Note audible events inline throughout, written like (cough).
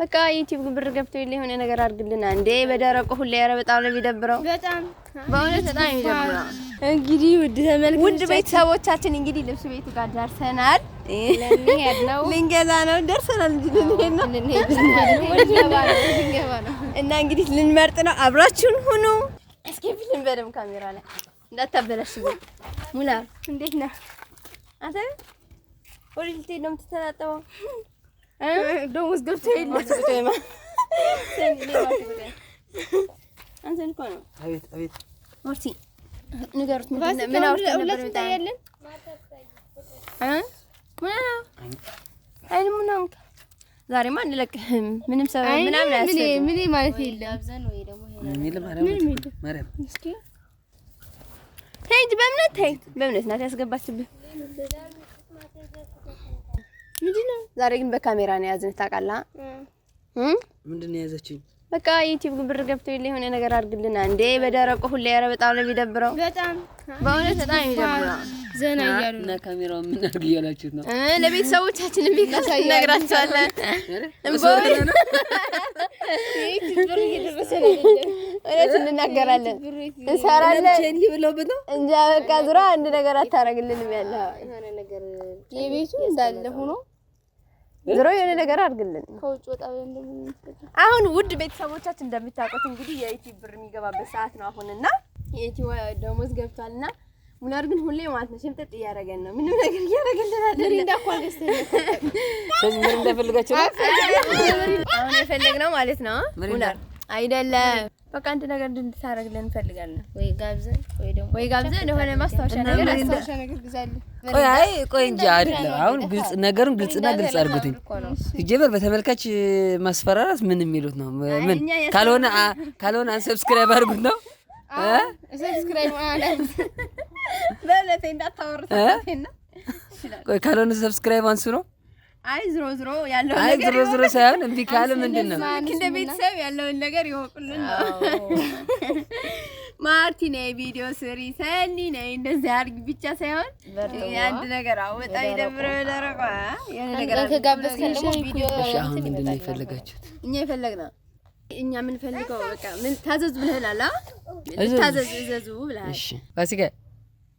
በቃ ዩቲዩብ ብር ገብቶ የለ የሆነ ነገር አድርግልና እንዴ በደረቁ ሁሌ። ያረ በጣም ነው የሚደብረው፣ በጣም በእውነት በጣም የሚደብረው። እንግዲህ ውድ ተመልክ ውድ ቤተሰቦቻችን እንግዲህ ልብስ ቤቱ ጋር ደርሰናል። ልንገዛ ነው፣ ደርሰናል እ ልንሄድ ነው፣ እና እንግዲህ ልንመርጥ ነው። አብራችሁን ሁኑ። እስኪ ፊልም በደም ካሜራ ላይ እንዳታበላሽ። ሙላ እንዴት ነህ አንተ? ወደ ልትሄድ ነው የምትተጣጠበው (laughs) ደሞዝ ገብቶ የለም። አንተን እኮ ምን ምን ዛሬማ አንለቅህም። ምንም ሰበብ ምናምን ምን ማለት የለም። በእምነት ተይ፣ በእምነት ናት ያስገባችብህ ምንድነው? ዛሬ ግን በካሜራ ነው የያዝን። ታውቃለህ? ምንድን ነው የያዘችኝ? በቃ ዩቲዩብ ብር ገብቶ የለ የሆነ ነገር አድርግልና እንዴ። በደረቁ ሁሌ። ያረ በጣም ነው የሚደብረው። በጣም በእውነት በጣም የሚደብረው ዘና እያሉ እና ካሜራው ምን አድርግ እያላችሁ ነው? ለቤተሰቦቻችን እነግራቸዋለን። እውነት እንናገራለን፣ እንሰራለን እንጂ በቃ ዙራ አንድ ነገር አታረግልንም። ያለ የቤቱ እንዳለ ሆኖ ድሮ የሆነ ነገር አድርግልን። አሁን ውድ ቤተሰቦቻችን እንደምታውቁት እንግዲህ የኢቲ ብር የሚገባበት ሰዓት ነው አሁን እና የኢቲ ደሞዝ ገብቷልና ሙናር ግን ሁሌ ማለት ነው ሽምጥጥ እያደረገን ነው። ምንም ነገር እያደረገልን አይደለም። ምሪንዳ እኮ አልገዝተንም። ስለዚህ ምሪንዳ ፈልጋችሁ ነው አሁን የፈለግነው ማለት ነው። ሙናር አይደለም በቃ አንድ ነገር እንድታደርግልን እንፈልጋለን። ወይ ጋብዘን ወይ ደግሞ ወይ ጋብዘን የሆነ ማስታወሻ ነገር ማስታወሻ ነገር ግዛል። ቆይ አይ ቆይ እንጂ አይደለም። አሁን ግልጽ ነገሩን ግልጽና ግልጽ አድርጉትኝ። ሲጀመር በተመልካች ማስፈራራት ምን የሚሉት ነው? ምን ካልሆነ ካልሆነ አንሰብስክራይብ አድርጉት ነው ሰብስክራይብ ማለት በለቴ እንዳታወርታ ካልሆነ ሰብስክራይብ አንሱ ነው። አይ ዝሮ ዝሮ ያለው አይ ዝሮ ዝሮ ሳይሆን እምቢ ካለ ምንድን ነው እንደ ቤተሰብ ያለውን ነገር ይወቁልን ነው። (laughs) ማርቲ ነይ ቪዲዮ ስሪ፣ ሰኒ ነይ እንደዚህ አድርጊ ብቻ ሳይሆን የአንድ ነገር አወጣ ይደብረ ደረቀ የሆነ ነገር አሁን ምንድን ነው የፈለጋችሁት? እኛ የፈለግነው እኛ የምንፈልገው በቃ ምን ታዘዙ ብለናል። ታዘዙ እዘዙ ብለሃል። እሺ ባሲጋ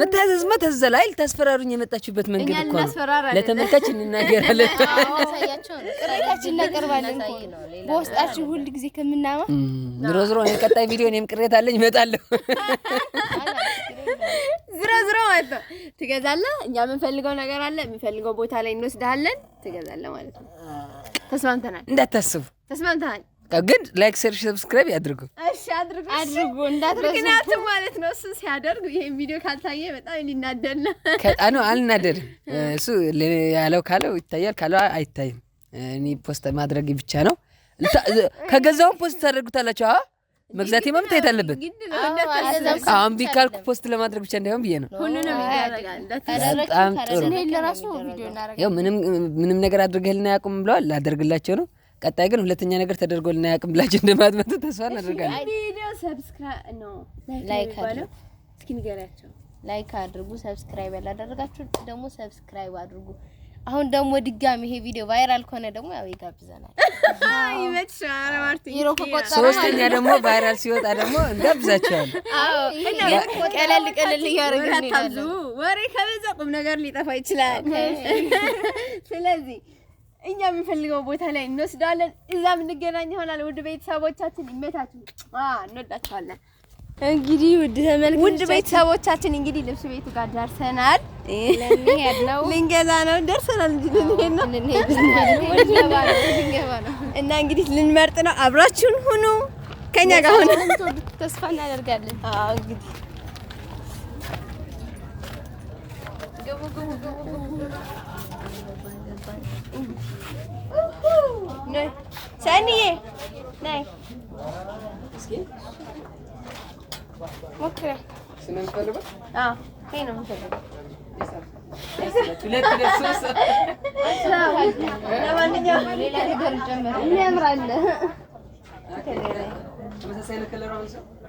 መታዘዝ ታዘዛል። አይ ታስፈራሩኝ የመጣችሁበት መንገድ እኮ ነው። ለተመልካች እንናገራለን፣ ቅሬታችን እናቀርባለን። በውስጣችሁ ሁል ጊዜ ከምናማ ዝሮ ዝሮ ቀጣይ ቪዲዮ እኔም ቅሬታ አለኝ እመጣለሁ። (laughs) ዝሮ ዝሮ ማለት ነው ትገዛለህ። እኛ የምንፈልገው ነገር አለ፣ የምንፈልገው ቦታ ላይ እንወስድሃለን፣ ትገዛለህ ማለት ነው። ተስማምተናል። እንዳታስቡ ተስማምተናል። ግን ላይክ ሰር ሰብስክራይብ ያድርጉ። እሺ አድርጉ አድርጉ እንዳትረሱ። ምክንያቱም ማለት ነው እሱ ሲያደርግ ይሄን ቪዲዮ ካልታየ በጣም ሊናደድ ነው። ከጣኑ አልናደድም። እሱ ያለው ካለው ይታያል፣ ካለው አይታይም። እኔ ፖስት ማድረግ ብቻ ነው። ከገዛውን ፖስት ታደርጉታላችሁ። አዎ መግዛት መምታየት አለብን። አሁን ቢካልኩ ፖስት ለማድረግ ብቻ እንዳይሆን ብዬ ነው። በጣም ጥሩ ምንም ነገር አድርገህልን አያውቁም ብለዋል። ላደርግላቸው ነው ቀጣይ ግን ሁለተኛ ነገር ተደርጎ ልናያቅም ብላችሁ እንደማትመጡ ተስፋ እናደርጋለን። ላይክ አድርጉ፣ ሰብስክራይብ ያላደረጋችሁ ደግሞ ሰብስክራይብ አድርጉ። አሁን ደግሞ ድጋሚ ይሄ ቪዲዮ ቫይራል ከሆነ ደግሞ ያው ይጋብዘናል። ሶስተኛ ደግሞ ቫይራል ሲወጣ ደግሞ እንጋብዛቸዋለን። ቀለል ቀለል እያደረግን ወሬ ከበዛ ቁም ነገር ሊጠፋ ይችላል። (laughs) ስለዚህ እኛ የምንፈልገው ቦታ ላይ እንወስደዋለን። እዛ የምንገናኝ ይሆናል። ውድ ቤተሰቦቻችን ይመታችሁ፣ እንወዳችኋለን። እንግዲህ ውድ ተመልክ ውድ ቤተሰቦቻችን እንግዲህ ልብስ ቤቱ ጋር ደርሰናል። ልንሄድ ነው፣ ልንገዛ ነው። ደርሰናል ልንሄድ ነው እና እንግዲህ ልንመርጥ ነው። አብራችሁን ሁኑ፣ ከኛ ጋር ሁኑ። ተስፋ እናደርጋለን። እንግዲህ ግቡ ግቡ ግቡ ሰኒዬ ነይ ሞክረህ ነው የምፈልገው። ለማንኛውም ሌላ ነገር ጨምራለሁ።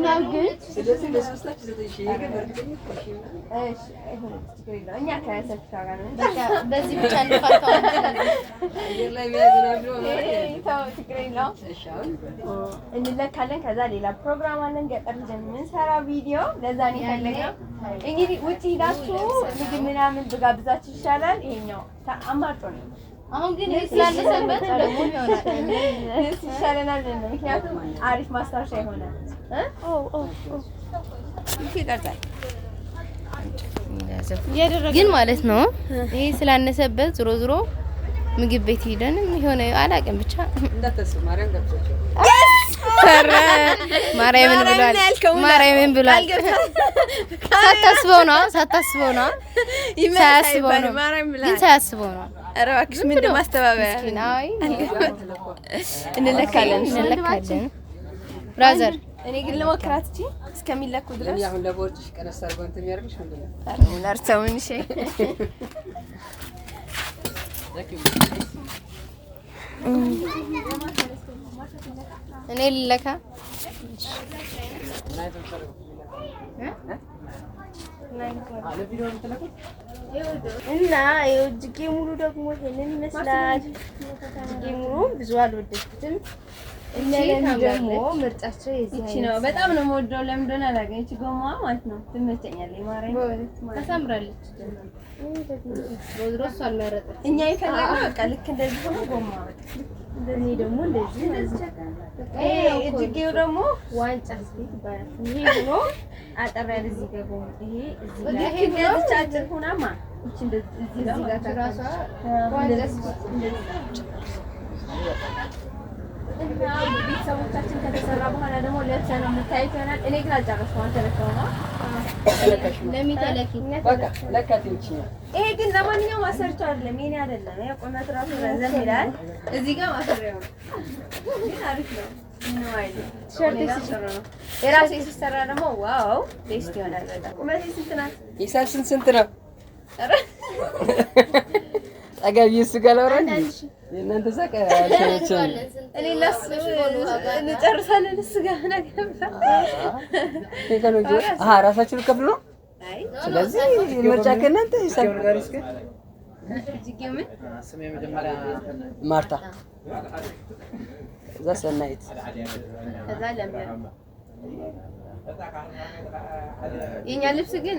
ይሄኛው ግን በዚህ ብቻ እንለካለን። ከዛ ሌላ ፕሮግራም አለን፣ ገጠር የምንሰራ ቪዲዮ። ለዛ ነው የፈለግነው። እንግዲህ ውጭ ሄዳችሁ ምግብ ምናምን ብጋብዛችሁ ይሻላል። ይሄኛው አማርጦ ነው። አሁን ግን ስላለሰበት ደግሞ ይሆናል ይሻለናል። ምክንያቱም አሪፍ ማስታወሻ ይሆናል። ይቀርጣል ግን ማለት ነው። ይሄ ስላነሰበት ዞሮ ዞሮ ምግብ ቤት ሄደን የሆነ አላውቅም ብቻ ማርያምን ብሏል። ማርያምን ብሏል። ሳታስበው ነዋ፣ ሳታስበው ነዋ፣ ሳያስበው ነዋ፣ ግን ሳያስበው ነዋ ኧረ እባክሽ ምንድን ማስተባበያ እንለካለን እንለካለን ብራዘር እኔ ግን ለሞክራት እንጂ እስከሚለኩ ድረስ አሁን ለቦርጭሽ ቀነስ አድርጎ እንትን የሚያደርግሽ ምንድን ነው? ነርተውን እሺ እኔ ልለካ እና እጅጌ ሙሉ ደግሞ ይሄንን ይመስላል። እጅጌ ሙሉ ብዙ አልወደድኩትም። ደግሞ ምርጫቸው ይቺ ነው። በጣም ነው የምወደው። ለምን እንደሆነ አላገኝ ይቺ ጎማዋ ማለት ነው ትመቸኛለች። ማርያም ታሳምራለች። እኛ የፈለግነው በቃ ልክ እንደዚህ ሆኖ ጎማ እንደዚህ ደግሞ እንደዚህ እጅጌው ደግሞ ዋንጫ ይባላል። ይሄ ሆኖ አጠር ያለ እዚህ ጋር ጎማ ይሄ ቤተሰቦቻችን ከተሰራ በኋላ ደግሞ ለብሰህ ነው የምታየት ይሆናል። እኔ ግን አልጨረስኩም። ይሄ ግን ለማንኛውም አሰርቼው አይደለም የእኔ አይደለም። ቁመት ረዘም ይላል። እዚህ ጋር ማሰሪያ ነው፣ ግን አሪፍ ነው። የራሴ ሲሰራ ደግሞ ዋው ቤስት ይሆናል። ቁመቴ ስንት ናት? የሳልሽን ስንት ነው? ጠገቢ እሱ ጋር ለወራ የእናንተ ሳቅ እንጨርሳለን። እስጋ ራሳችሁ ልከፍሉ ነው። ስለዚህ ምርጫ ከእናንተ ማርታ፣ እዛ ሰናይት፣ የእኛ ልብስ ግን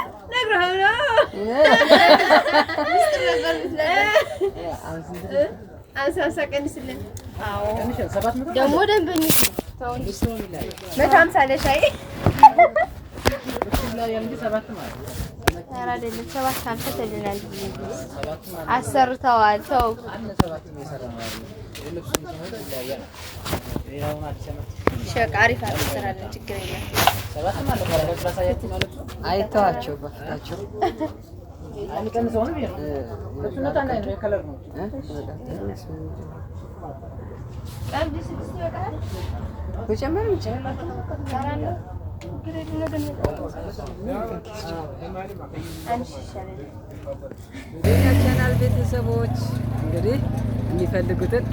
ልነግርህ ነው። አንሳንሳ ቀንስልን ደግሞ ደንበኞች መቶ ሀምሳ ለሻይ አይደለም ሰባት ሀምሳ ተልናል። አሰርተዋል ተው አይተዋቸው በፊታቸው ቻናል ቤተሰቦች እንግዲህ የሚፈልጉትን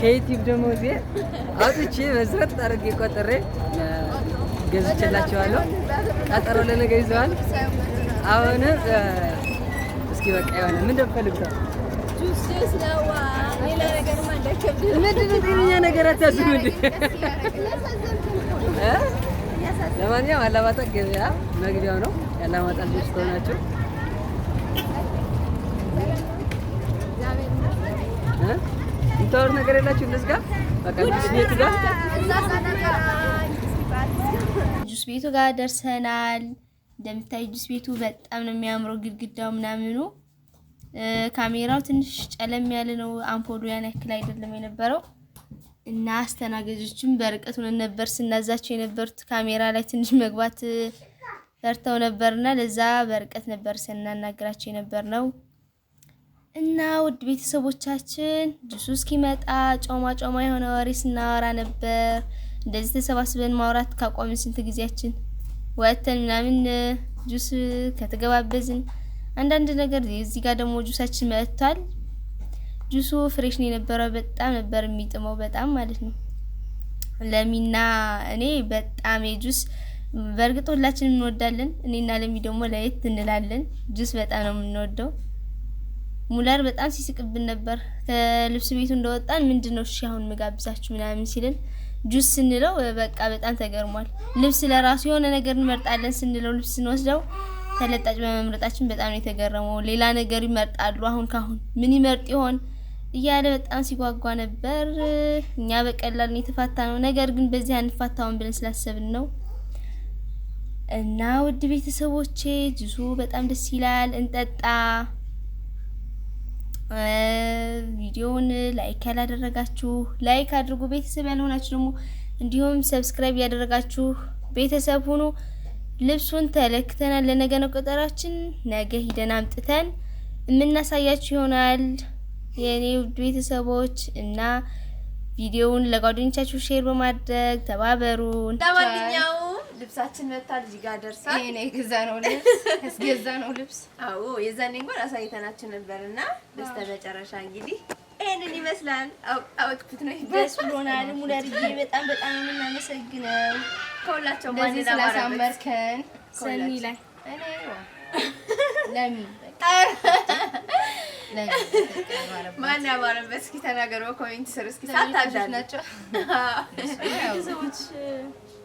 ከዩቲዩብ ደግሞ ዜ አውጥቼ በዝረት አድርጌ ቆጥሬ ገዝቼላቸዋለሁ። ቀጠሮ ለነገ ይዘዋል። አሁን እስኪ በቃ የሆነ ምን እንደምፈልጉት ምንድን ነገር አታስብ እንደ ለማንኛውም አላማጣ ገበያ መግቢያው ነው። የአላማጣ ልጆች ከሆናችሁ የምታወሩት ነገር የላችሁ። እንደዚህ በቃ ጁስ ቤቱ ጋር ጁስ ቤቱ ጋር ደርሰናል። እንደምታይ ጁስ ቤቱ በጣም ነው የሚያምረው ግድግዳው ምናምኑ። ካሜራው ትንሽ ጨለም ያለ ነው። አምፖሉ ያን ያክል አይደለም የነበረው እና አስተናጋጆችም በርቀት ሆነን ነበር ስናዛቸው የነበሩት ካሜራ ላይ ትንሽ መግባት ፈርተው ነበርና ለዛ በርቀት ነበር ስናናግራቸው የነበር ነው። እና ውድ ቤተሰቦቻችን ጁሱ እስኪመጣ ጮማ ጮማ የሆነ ወሬ ስናወራ ነበር። እንደዚህ ተሰባስበን ማውራት ካቆምን ስንት ጊዜያችን ወተን ምናምን ጁስ ከተገባበዝን አንዳንድ ነገር እዚህ ጋር ደግሞ ጁሳችን መጥቷል። ጁሱ ፍሬሽ ነው የነበረው። በጣም ነበር የሚጥመው፣ በጣም ማለት ነው። ለሚና እኔ በጣም የጁስ በእርግጥ ሁላችን እንወዳለን። እኔና ለሚ ደግሞ ለየት እንላለን። ጁስ በጣም ነው የምንወደው። ሙለር በጣም ሲስቅብን ነበር። ከልብስ ቤቱ እንደወጣን ምንድን ነው እሺ አሁን ምጋብዛችሁ ምናምን ሲልን ጁስ ስንለው በቃ በጣም ተገርሟል። ልብስ ለራሱ የሆነ ነገር እንመርጣለን ስንለው ልብስ ስንወስደው ተለጣጭ በመምረጣችን በጣም ነው የተገረመው። ሌላ ነገር ይመርጣሉ አሁን ካሁን ምን ይመርጥ ይሆን እያለ በጣም ሲጓጓ ነበር። እኛ በቀላል የተፋታ ነው፣ ነገር ግን በዚህ አንፋታውን ብለን ስላሰብን ነው። እና ውድ ቤተሰቦቼ ጁሱ በጣም ደስ ይላል፣ እንጠጣ ቪዲዮውን ላይክ ያላደረጋችሁ ላይክ አድርጉ። ቤተሰብ ያልሆናችሁ ደግሞ እንዲሁም ሰብስክራይብ ያደረጋችሁ ቤተሰብ ሁኑ። ልብሱን ተለክተናል። ለነገ ነው ቀጠራችን። ነገ ሂደን አምጥተን የምናሳያችሁ ይሆናል የኔ ቤተሰቦች እና ቪዲዮውን ለጓደኞቻችሁ ሼር በማድረግ ተባበሩን። ልብሳችን መታ ልጅ ጋር ደርሳ እኔ ገዛ ነው ልብስ እስገዛ ነው ልብስ። አዎ የዛኔ እንኳን አሳይተናችሁ ነበርና በስተመጨረሻ እንግዲህ ይሄንን ይመስላል። አውጥኩት ነው ደስ ብሎናል። ሙለርዬ በጣም በጣም የምናመሰግነው ከሁላቸው ማን ነው ስላሳመርከን ሰኒ ላይ እኔ (laughs) (laughs) ለሚ ማን ያማረበት እስኪ ተናገሩ። ኮሜንት ስር እስኪ ሳታዳል ናቸው ሰዎች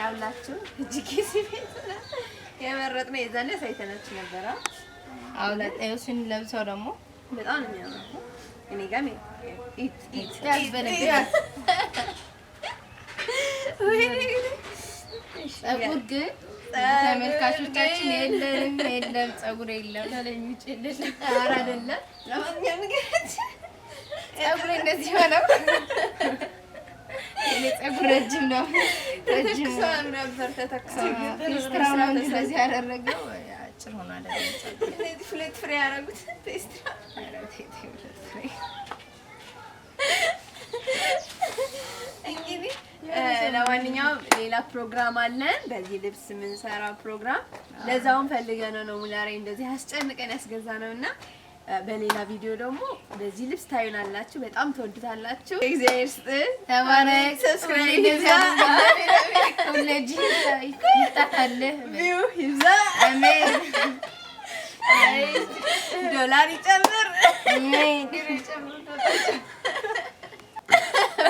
ያውላችሁ እጅግ ሲቤት የመረጥነው የዛኔ ሳይተናችሁ ነበረ። አውላጣዩ ስንለብሰው ደግሞ በጣም ነው የሚያምረው። እኔ ጋር ኢት ግን (laughs) ተመልካቾቻችን የለም የለም ፀጉር የለም አይደለም። ለማንኛውም (laughs) ግን እንደዚህ ሆነው (laughs) ፀጉር ረጅም ነው። እንደዚህ ያደረገው አጭር ሆኖ ሁለት ፍሬ ያደረጉት እንግዲህ ለማንኛውም ሌላ ፕሮግራም አለን። በዚህ ልብስ የምንሰራው ፕሮግራም ለዛውም ፈልገነው ነው። ሙላሬ እንደዚህ አስጨንቀን ያስገዛ ነው እና በሌላ ቪዲዮ ደግሞ በዚህ ልብስ ታዩናላችሁ። በጣም ተወዱታላችሁ። እግዚአብሔር ስጥን። ተባረክ። ሰብስክራይብ ይዛ አሜን። ዶላር ይጨምር። አሜን።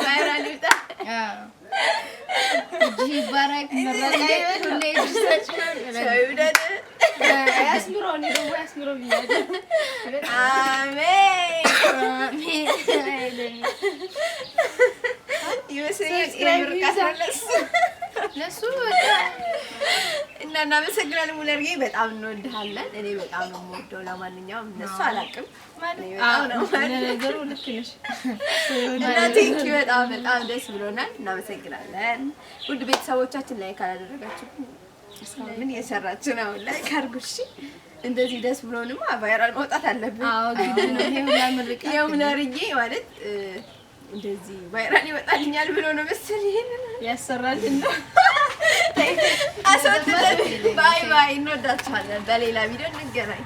ቫይራል ይውጣ። ይባረክ። እና እናመሰግናለን። ሙለርጌ በጣም እንወድሃለን። እኔ በጣም ነው የምወደው። ለማንኛውም እነሱ አላውቅም ነገሩ እና ቴንኪ በጣም በጣም ደስ ብሎናል። እናመሰግናለን ውድ ቤተሰቦቻችን ላይ ካላደረጋችሁ ምን እየሰራች ነው? ላይክ አድርጉ እሺ። እንደዚህ ደስ ብሎንማ ቫይራል መውጣት አለብን። አዎ ግድ ማለት እንደዚህ ቫይራል ይወጣልኛል ብሎ ነው መሰል ይሄንን ያሰራልን ነው። አስወጥተን ባይ ባይ። እንወዳችኋለን። በሌላ ቪዲዮ እንገናኝ።